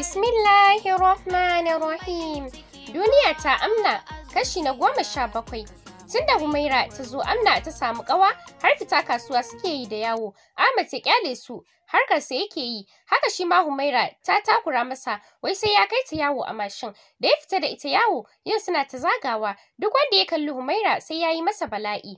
Bismillahirrahmanirrahim. Duniya ta amna kashi na goma sha bakwai. Tun da Humaira ta zo amna ta samu kawa har fita kasuwa suke yi da yawo. Ahmad ta kyale su harkarsa yake yi. Haka shi ma Humaira ta takura masa wai sai ya kai ta yawo a mashin. Da ya fita da ita yawo yin suna ta zagawa duk wanda ya kalli Humaira sai ya yi masa bala'i.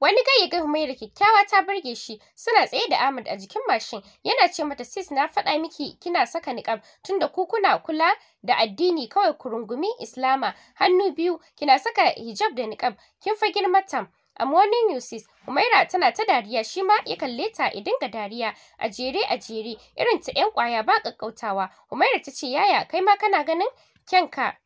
Wani gayyakin Humaira kyakkyawa ta burge shi, suna tsaye da Ahmad a jikin mashin, yana ce mata sis na faɗa miki kina saka niqab tunda ku kuna kula da addini kawai ku rungumi Islama hannu biyu kina saka hijab da niqab kin fa girmatan. tam. A morning news Umaira tana ta dariya shi ma ya kalle ta ya dinga dariya a jere a jere irin ta 'yan kwaya ba kakkautawa. Umaira ta ce yaya kai ma kana ganin kyanka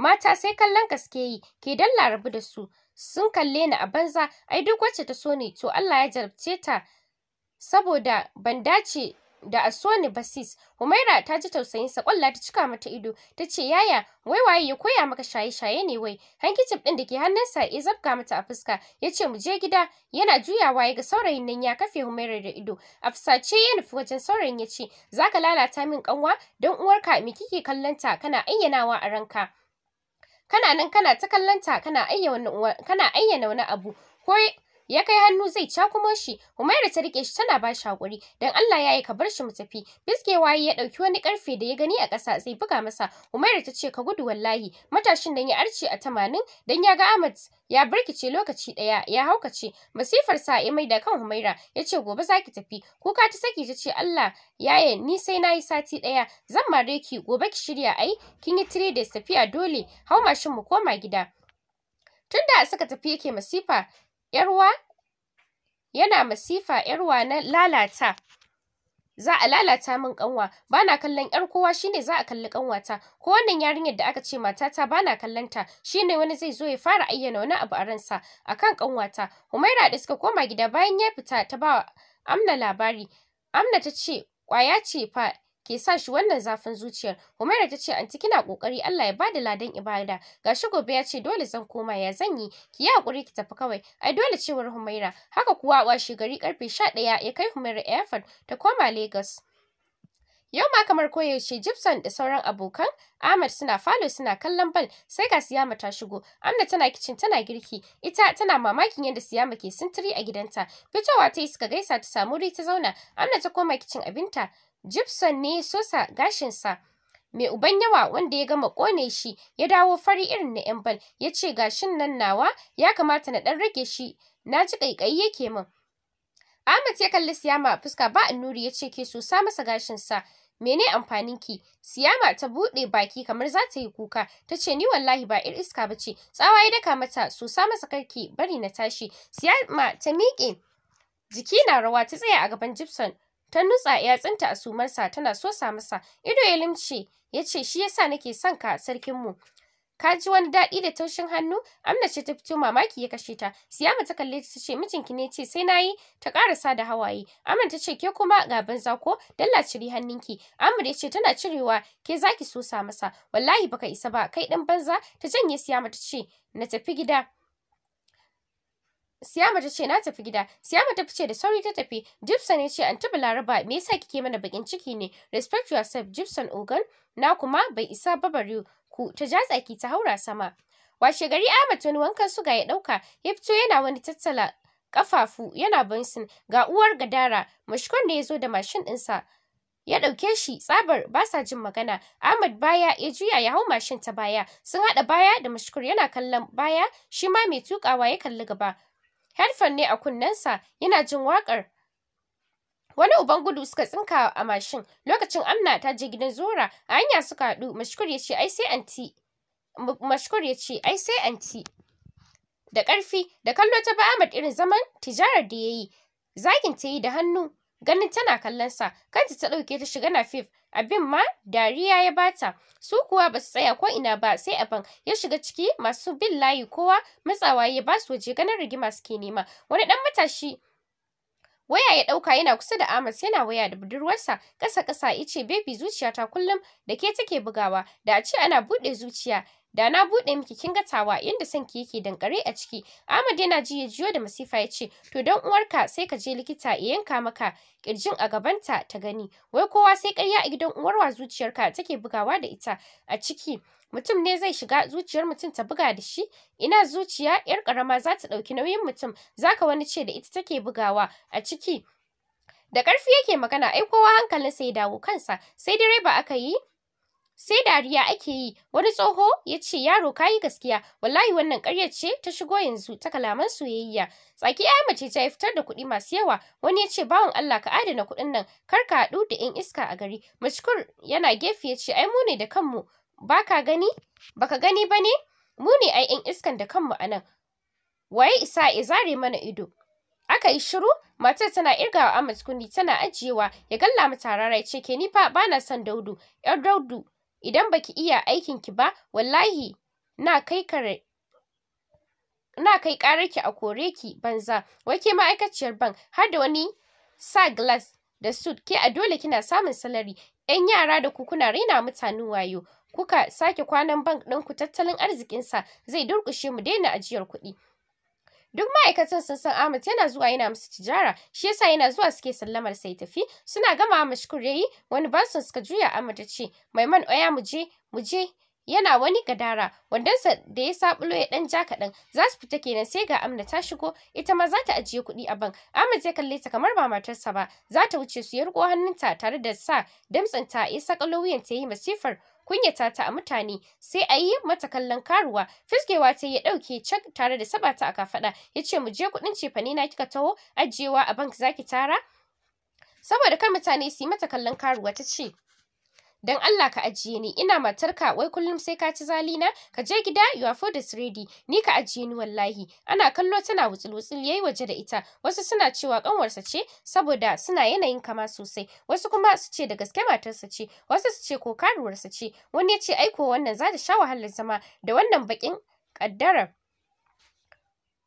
mata sai kallon gaske suke yi ke dan larabu da su sun kalle ni a banza ai duk wacce ta so ni to Allah ya jarabce ta saboda ban dace da a so ni ba sis Humaira ta ji tausayin sa kwalla ta cika mata ido ta ce yaya wai waye ya koya maka shaye shaye ne wai hankicin din da ke hannunsa ya zabga mata a fuska ya ce mu je gida yana juyawa ya ga saurayin nan ya kafe Humaira da ido a fusace ya nufi wajen saurayin ya ce zaka lalata min kanwa don uwarka me kike kallon ta kana ayyanawa a ranka kana nan kana ta kallon ta kana ayyana wani abu ko ya kai hannu zai cakumo shi Humaira ta rike shi tana bashi hakuri dan Allah ya yi ka bar shi mu tafi biske waye ya dauki wani karfe da ya gani a ƙasa zai buga masa Humaira ta ce ka gudu wallahi matashin dan ya arce a tamanin dan ya ga Ahmad ya birkice lokaci daya ya ce. masifar sa ya mai da kan Humaira ya ce gobe zaki tafi kuka ta saki ta ce Allah yaye ni sai nayi sati daya zan mare ki gobe ki shirya ai kin yi 3 days tafiya dole hau mashin mu koma gida tunda suka tafi yake masifa 'yarwa yana masifa 'yarwa na lalata za a lalata min ƙanwa. bana kallon yar kowa shine za a kalli ƙanwata. ko wannan yarinyar da aka ce matata bana kallon ta ne wani zai zo ya fara ayyana wani abu a ransa A akan ƙanwata, Humaira da suka koma gida bayan ya fita ta ba Amna labari Amna ta ce ƙwaya ce fa ke sa shi wannan zafin zuciyar Humaira ta ce anti kina kokari Allah ya bada ladan ibada Ga shi gobe ya ce dole zan koma ya zan yi. ki yi hakuri ki tafi kawai ai dole cewar Humaira haka kuwa washe gari karfe ɗaya ya kai Humaira airport ta koma Lagos Yau ma kamar koyaushe Gibson da sauran abokan Ahmad suna falo suna kallon bal sai ga Siyama ta shigo. Amna tana kicin tana girki, ita tana mamakin yadda Siyama ke sintiri a gidanta. Fitowa ta yi suka gaisa ta samu ri ta zauna. Amna ta koma kicin abinta. Gibson ne sosa gashinsa mai uban yawa wanda ya gama kone shi ya dawo fari irin na 'yan bal ya ce gashin nan nawa ya kamata na ɗan rage shi na ji ƙaiƙayi yake min. Ahmad ya kalli Siyama fuska ba annuri ya ce ke sosa masa gashinsa mene amfanin ki siyama ta buɗe baki kamar za ta yi kuka ta ce ni wallahi ba ir iska ba ce tsawa ya daka mata so sa masa karki bari na tashi siyama ta miƙe jiki na rawa ta tsaya a gaban gibson ta nutsa tsinta a sumarsa tana sosa masa ido ya limce ya ce shi yasa nake son ka sarkinmu ka ji wani daɗi da taushin hannu amna ce ta fito mamaki ya kashe ta siyama ta kalle ta ce mijinki ne ce sai nayi ta karasa da hawaye amna ta ce ke kuma ga banza ko dalla ciri hannunki amna ya ce tana cirewa ke zaki sosa masa wallahi baka isa ba kai ɗan banza ta janye siyama ta ce na tafi gida Siyama ta ce na tafi gida. Siyama ta fice da sauri ta tafi. Gibson ya ce anti Balaraba me yasa kike mana bakin ciki ne? Respect yourself Gibson Ogan. Na kuma bai isa babari ku ta ja tsaki ta haura sama. Washe gari Ahmad wani wankan suga ya dauka ya fito yana wani tattala kafafu yana bansin ga uwar gadara mashkon da ya zo da mashin ɗinsa. ya ɗauke shi tsabar ba sa jin magana Ahmad baya ya juya ya hau mashin ta baya sun haɗa baya da mashkur yana kallon baya shi ma mai tukawa ya kalli gaba headphone ne a kunnensa yana jin wakar? wani uban gudu suka tsinka a mashin lokacin amna ta je gidan zora a hanya suka haɗu mashkur ya ce ai sai anti mashkur ya ce ai anti da ƙarfi da kallo ta ba irin zaman tijarar da ya yi zagin ta yi da hannu ganin tana kallon sa kanta ta ɗauke ta shiga na fif abin ma dariya ya bata su kuwa ba su tsaya ko ina ba sai ban. ya shiga ciki masu bin layi kowa matsawa ya ba su waje ganin rigima suke nema wani ɗan matashi waya ya ɗauka yana kusa da amas yana waya da budurwarsa ƙasa ƙasa ya ce baby zuciyata kullum da ke take bugawa da a ce ana bude zuciya da na buɗe miki kin ga tawa sanki san ki yake dankare a ciki Ahmad yana ji ya jiyo da masifa ya ce to dan uwarka sai ka je likita ya yanka maka kirjin a gabanta ta gani wai kowa sai ƙarya a gidan uwarwa zuciyarka take bugawa da ita a ciki mutum ne zai shiga zuciyar mutum ta buga da shi ina zuciya yar karama za ta ɗauki nauyin mutum zaka wani ce da ita take bugawa a ciki da ƙarfi yake magana ai kowa hankalin sai dawo kansa sai direba aka yi sai dariya ake yi wani tsoho ya ce yaro kayi gaskiya wallahi wannan ƙaryar ce ta shigo yanzu ta kalaman soyayya tsaki ya mace ta fitar da kuɗi masu yawa wani ya ce bawan Allah ka adana kuɗin nan kar ka haɗu da yan iska a gari mashkur yana gefe ya ce ai mu ne da kanmu baka gani baka gani bane mu ne ai yan iskan da kanmu a Wa waye isa ya zare mana ido aka yi shiru matar tana irgawa Ahmad kundi tana ajiyewa ya galla mata rara ya ce ke ni fa bana son Daudu yar Daudu idan baki iya aikin ki ba wallahi na kai kare na kai ƙarar ki a kore ki banza wai ke ma'aikaciyar bank har da wani sa glass da suit ke a dole kina samun salari yan yara da ku kuna raina mutanen wayo kuka sake kwanan bank ɗin ku? tattalin arzikin sa zai durƙushe mu daina ajiyar kuɗi duk ma'aikatan sun san Ahmad yana zuwa yana musu tijara shi yasa yana zuwa suke sallamar sai tafi suna gama mashkur yayi wani basun suka juya Ahmad ya ce Maiman oya mu je mu yana wani gadara wandonsa da ya sabulo ya dan ja kaɗan za su fita kenan sai ga amna ta shigo ita ma za ta ajiye kuɗi a bank ahmad ya kalle ta kamar ba matarsa ba za ta wuce su ya riko hannunta tare da sa damtsanta ya sakalo wuyan ta yi masifar kunyata ta a mutane sai a yi mata kallon karuwa fiskewa ta ya ɗauke cak tare da saba ta a kafaɗa ya ce mu je kuɗin cefane na kika taho ajiyewa a bank zaki tara saboda kar mutane su yi mata kallon karuwa ta ce dan Allah ka ajiye ni ina matarka wai kullum sai ka ci zalina ka je gida you are for this ready ni ka ajiye ni wallahi ana kallo tana wutsulwutsul. wutsul yayi waje da ita wasu suna cewa kanwarsa ce saboda suna yanayin kama sosai wasu kuma su ce da gaske matarsa ce wasu su ce ko karuwarsa ce wani ya ce aiko wannan za ta sha wahalar zama da wannan bakin kaddarar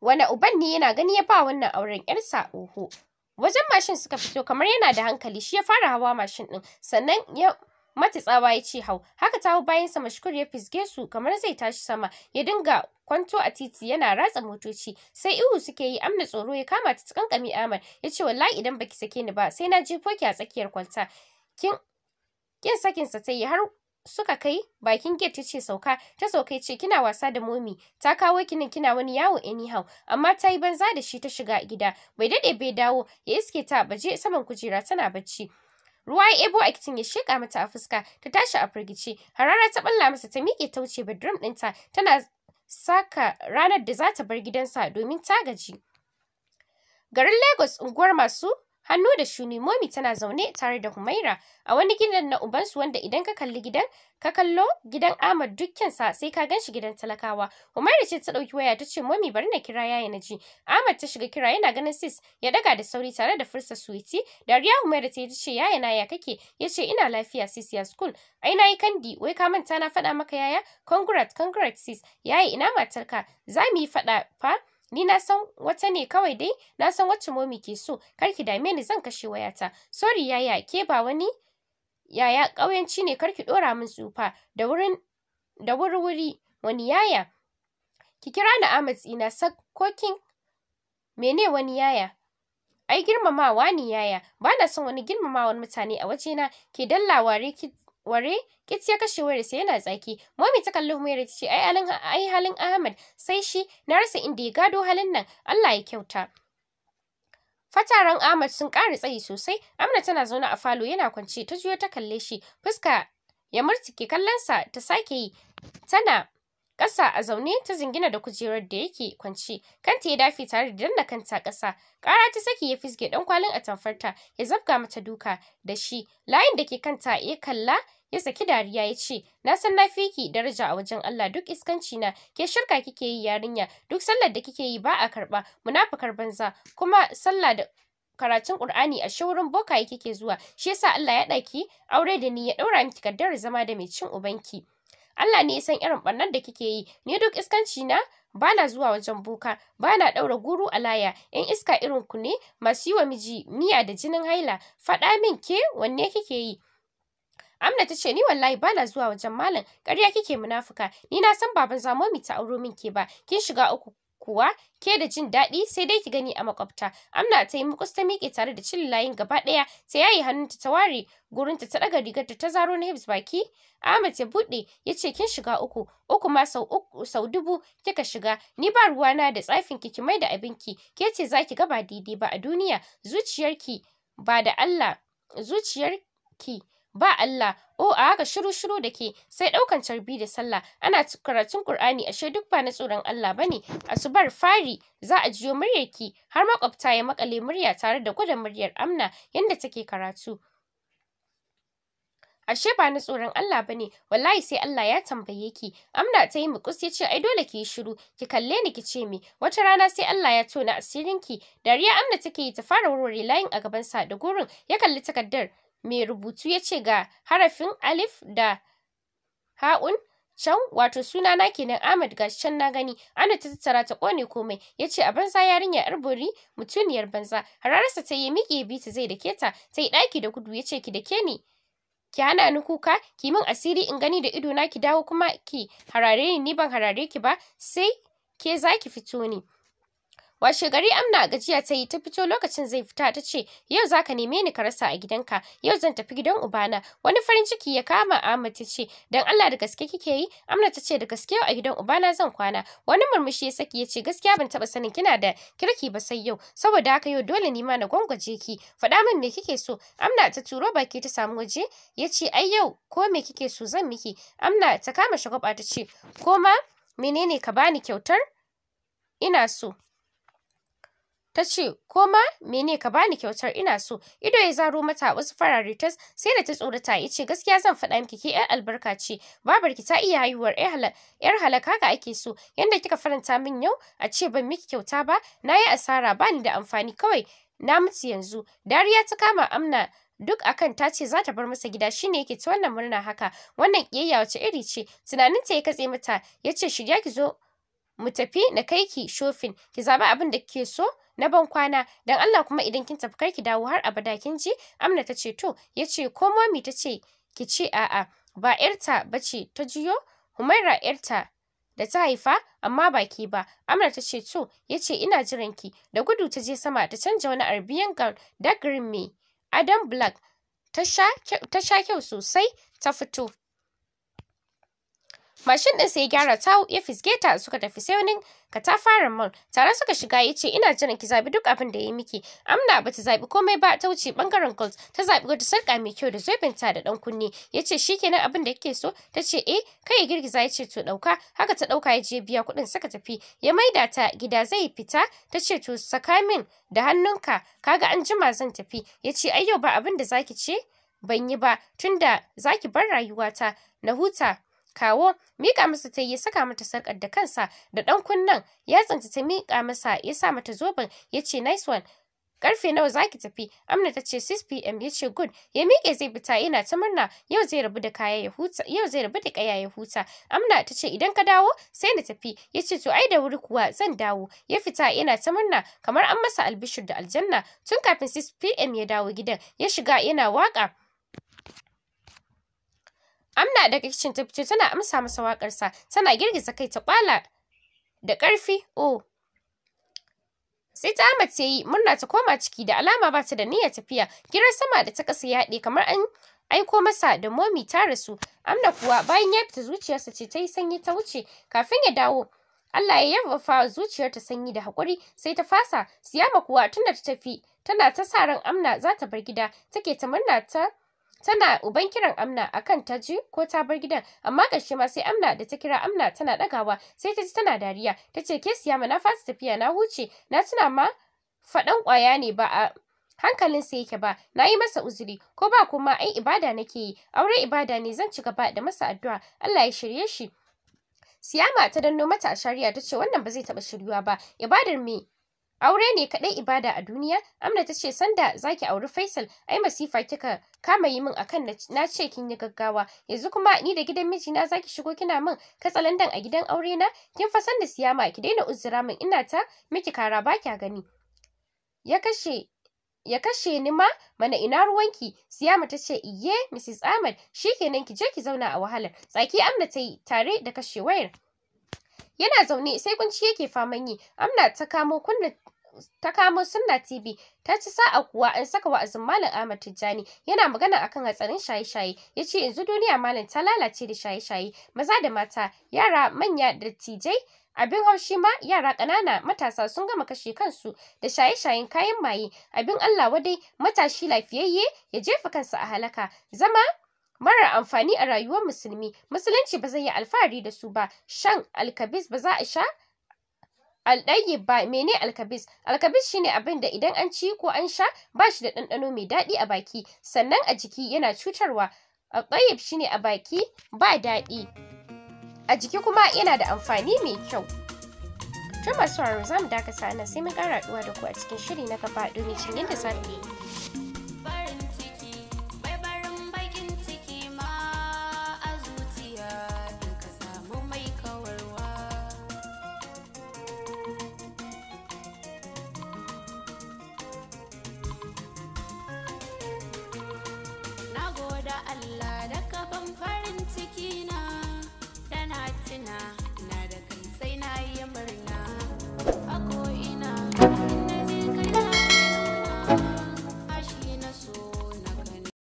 wani uban ne yana gani ya ba wannan auren yarsa oho wajen mashin suka fito kamar yana da hankali shi ya fara hawa mashin din sannan ya mata tsawa ya ce hau haka ta hau bayansa mashkur ya fisge su kamar zai tashi sama ya dinga kwanto a titi yana ratsa motoci sai ihu suke yi amna tsoro ya kama ta kankami amar ya ce wallahi idan baki sake ni ba sai na je koki a tsakiyar kwalta kin kin sakin sa sai har suka kai bakin gate tace sauka ta sauka ce kina wasa da momi ta kawo kinin kina wani yawo anyhow amma ta yi banza da shi ta shiga gida bai dade bai dawo ya iske ta baje saman kujera tana bacci Ruwa ya ebo a kitin ya sheƙa mata a fuska ta tashi a firgice. Harara ta balla masa ta miƙe ta wuce bedroom ɗinta tana saka ranar da za ta bar gidansa domin ta gaji. Garin Lagos unguwar masu hannu da shuni momi tana zaune tare da humaira a wani gidan na ubansu wanda idan ka kalli gidan ka kallo gidan ahmad dukkansa sai ka ganshi gidan talakawa humaira ce ta ɗauki waya ta ce momi bari na kira yaya na ji ahmad ta shiga kira yana ganin sis ya daga da sauri tare da fursa suwiti dariya humaira ta yi ta ce yaya na ya kake ya ce ina lafiya sis ya school ai na yi kandi wai ka manta na faɗa maka yaya congrats congrats sis yaya ina matarka za mu yi faɗa fa ni na san wata ne kawai dai na san wacce momi ke so kar ki dame ni zan kashe wayata sorry yaya ke ba wani yaya ƙauyenci ne kar ki ɗora min tsufa da wurin da wuri wani yaya ki kira ni Ahmad tsina sakokin mene wani yaya ai girmamawa ni, yaya ba na son wani girmamawan mutane a wajena ke dallawa ki ware kits ya kashe wayar sai yana tsaki mami ta kalli humaira ta ce ai halin ai halin ahmad sai shi na rasa inda ya gado halin nan allah ya kyauta Fataran Ahmad sun ƙara tsayi sosai, Amna tana zaune a falo yana kwance ta juyo ta kalle shi, fuska ya murtuke kallonsa ta sake yi, tana ƙasa a zaune ta zingina da kujerar da yake kwanci kanta ya dafe tare da danna kanta ƙasa ƙara ta saki ya fisge ɗan kwalin atamfarta ya zabga mata duka da shi layin da ke kanta ya kalla ya saki dariya ya ce na san na fiki daraja a wajen Allah duk iskanci na ke shirka kike yi yarinya duk sallar da kike yi ba a karɓa munafukar banza kuma sallah da karatun Qur'ani a shaurin bokaye kike zuwa shi yasa Allah ya ɗaki aure da ni ya ɗaura miki kaddara zama da mai cin ubanki Allah ne ya san irin ɓarnar da kike yi ni duk iskanci na bana zuwa wajen boka bana ɗaura guru a laya in iska irin ku ne masu yi wa miji miya da jinin haila faɗa min ke wanne kike yi Amna ta ce ni wallahi bana zuwa wajen malam ƙarya kike munafuka ni na san baban zamomi ta auro min ke ba kin shiga uku kuwa ke da jin daɗi sai dai ki gani a makwabta amna ta yi makus ta miƙe tare da cin layin gaba ɗaya ta yayi hannunta ta ware gurinta ta ɗaga rigarta ta zaro na hips baki Ahmad ya buɗe ya ce kin shiga uku uku ma sau uku sau dubu kika shiga ni ba ruwana da tsafin ki ki mai da abinki ke ce za ki gaba daidai ba a duniya zuciyarki ba da Allah zuciyar ki ba Allah o oh, a haka shiru shiru da ke sai ɗaukan carbi da sallah ana karatun ƙur'ani ashe duk ba na tsoron Allah ba bane asubar fari za a jiyo ki har makwabta ya makale murya tare da gwada muryar Amna yadda take karatu ashe ba na tsoron Allah ba ne? wallahi sai Allah ya tambaye ki amna ta yi mukus ya ce ai dole ki yi shiru ki kalle ni ki ce me wata rana sai Allah ya tona asirinki dariya amna take yi ta fara warware layin a gaban sa da gurin ya kalli takardar mai rubutu ya ce ga harafin alif da ha'un can wato suna na kenan Ahmad gashi can na gani ana ta tattara ta kone komai Ya ce a banza yarinya yar bori mutuniyar banza hararsa ta yi miƙe ta zai dake ta ta yi ɗaki da gudu Ya ce ki da ke ni ki hana ni kuka ki min asiri in gani da ido na ki dawo kuma ki harare ni ni ban harare ki ba sai ke zaki fito ni washe gari amna gajiya ta yi ta fito lokacin zai fita ta ce yau za ka neme ni ka rasa a gidanka yau zan tafi gidan ubana wani farin ciki ya kama Ahmad ta ce dan Allah da gaske kike yi amna ta ce da gaske yau a gidan ubana zan kwana wani murmushi ya saki ya ce gaskiya ban taba sanin kina da kirki ba sai yau saboda haka yau dole ni ma na gwangwaje ki faɗa min me kike so amna ta turo baki ta samu waje ya ce ai yau ko me kike so zan miki amna ta kama shagwaba ta ce ko ma menene ka bani kyautar ina so ta ce koma mene ka bani kyautar ina so ido ya zaro mata wasu farare tas sai da ta tsorata ya ce gaskiya zan faɗa miki ke yar albarka ce babarki ta iya haihuwar yar halaka ga ake so yanda kika faranta min yau a ce ban miki kyauta ba na yi asara bani da amfani kawai na mutu yanzu dariya ta kama amna duk akan ta ce za ta bar masa gida shine yake ta wannan murna haka wannan kiyayya wace iri ce tunaninta ya katse mata ya ce shirya ki zo mu tafi na kai ki shofin ki zaɓi abin da kike so na ban kwana dan Allah kuma idan kin tafi ki dawo har abada kin ji Amna tace ce to yace ko Mami tace ki ce a'a ba yarta bace ta jiyo Humaira yarta da ta haifa amma ba ki ba Amna ta ce to yace ina jiran ki da gudu ta je sama ta canja wani arbiyan gown da green me Adam Black ta sha kyau sosai ta fito Mashin ɗin sai ya gyara ta ya fisge ta suka tafi sai wani katafara mall. Tare suka shiga ya ce ina jiran ki zabi duk abin da ya miki. Amna bata zabi komai ba ta wuce bangaren gold ta zabi wata sarka mai kyau da zobenta da dan kunne. Ya ce shikenan abin da kike so ta ce eh kai ya girgiza ya ce to dauka haka ta dauka ya je biya kuɗin suka tafi ya maida ta gida zai fita ta ce to saka min da hannunka kaga an jima zan tafi ya ce ai yau ba abin da zaki ce ban yi ba tunda zaki bar rayuwata na huta kawo miƙa masa ta ya saka mata sarkar da kansa da dan kunnen ya tsinta ta mika masa ya sa mata zoben ya ce nice one karfe nawa zaki tafi amna ta ce 6 pm ya ce good ya miƙe zai fita ina ta murna yau zai rabu da kaya ya huta yau zai rabu kaya ya huta amna ta ce idan ka dawo sai na tafi ya ce to ai da wuri kuwa zan dawo ya fita ina ta murna kamar an masa albishir da aljanna tun kafin 6 pm ya dawo gidan ya shiga yana waka Amna daga kicin ta fice tana amsa masa waƙarsa tana girgiza kai ta kwala da ƙarfi oh sai ta amace ta yi murna ta koma ciki da alama ba ta da niyyar tafiya gira sama da ta kasa yaɗe kamar an aiko masa da momi ta rasu amna kuwa bayan ya fita zuciyarsa ce ta yi sanyi ta wuce kafin ya dawo Allah ya zuciyar zuciyarta sanyi da haƙuri sai ta fasa siyama kuwa tunda ta tafi tana ta sa ran amna za ta bar gida take ta murna ta tana uban kiran amna akan ta ji ko ta bar gidan amma ƙarshe ma sai amna da ta kira amna tana ɗagawa sai ta ji tana dariya ta ce ke siya ma na fasa tafiya na huce na tuna ma faɗan kwaya ne ba a hankalin sa yake ba na yi masa uzuri ko ba kuma ai ibada nake yi aure ibada ne zan ci gaba da masa addu'a Allah ya shirye shi Siyama ta danno mata a shari'a ta ce wannan ba zai taɓa shiryuwa ba ibadar me aure ne kaɗai ibada a duniya amna ta ce sanda zaki auri faisal ai masifa kika kama yi min akan na ce kin yi gaggawa yanzu kuma ni da gidan mijina zaki shigo kina min katsalandan a gidan aure na kin fa sanda siyama ki daina uzura min ina ta miki kara ba kya gani ya kashe ya kashe ni ma mana ina ruwanki siyama ta ce iye mrs ahmad shikenan ki je ki zauna a wahalar tsaki amna ta yi tare da kashe wayar yana zaune sai kunci yake faman yi amna ta kamo kunna ta kamo sunna tv ta ci sa'a kuwa an eh, saka wa'azin malam ahmad tijjani yana magana akan hatsarin shaye-shaye ya ce yanzu duniya malam ta lalace da shaye-shaye maza da mata yara manya da tijai abin haushi ma yara ƙanana matasa sun gama kashe kansu da shaye-shayen kayan maye abin allah wadai matashi lafiyayye ya jefa kansa a halaka zama marar amfani a rayuwar musulmi musulunci ba zai yi alfahari da su ba shan alkabis ba za a sha Alɗayi ba mene alkabis? Alkabis shine abin da idan an ci ko an sha ba shi da ɗanɗano mai daɗi a baki sannan a jiki yana cutarwa. Alɗayib shine a baki ba daɗi a jiki kuma yana da amfani mai kyau. Tun masu sauraro za mu dakasa ana sai mun ƙara haɗuwa da ku a cikin shiri na gaba domin cin yadda za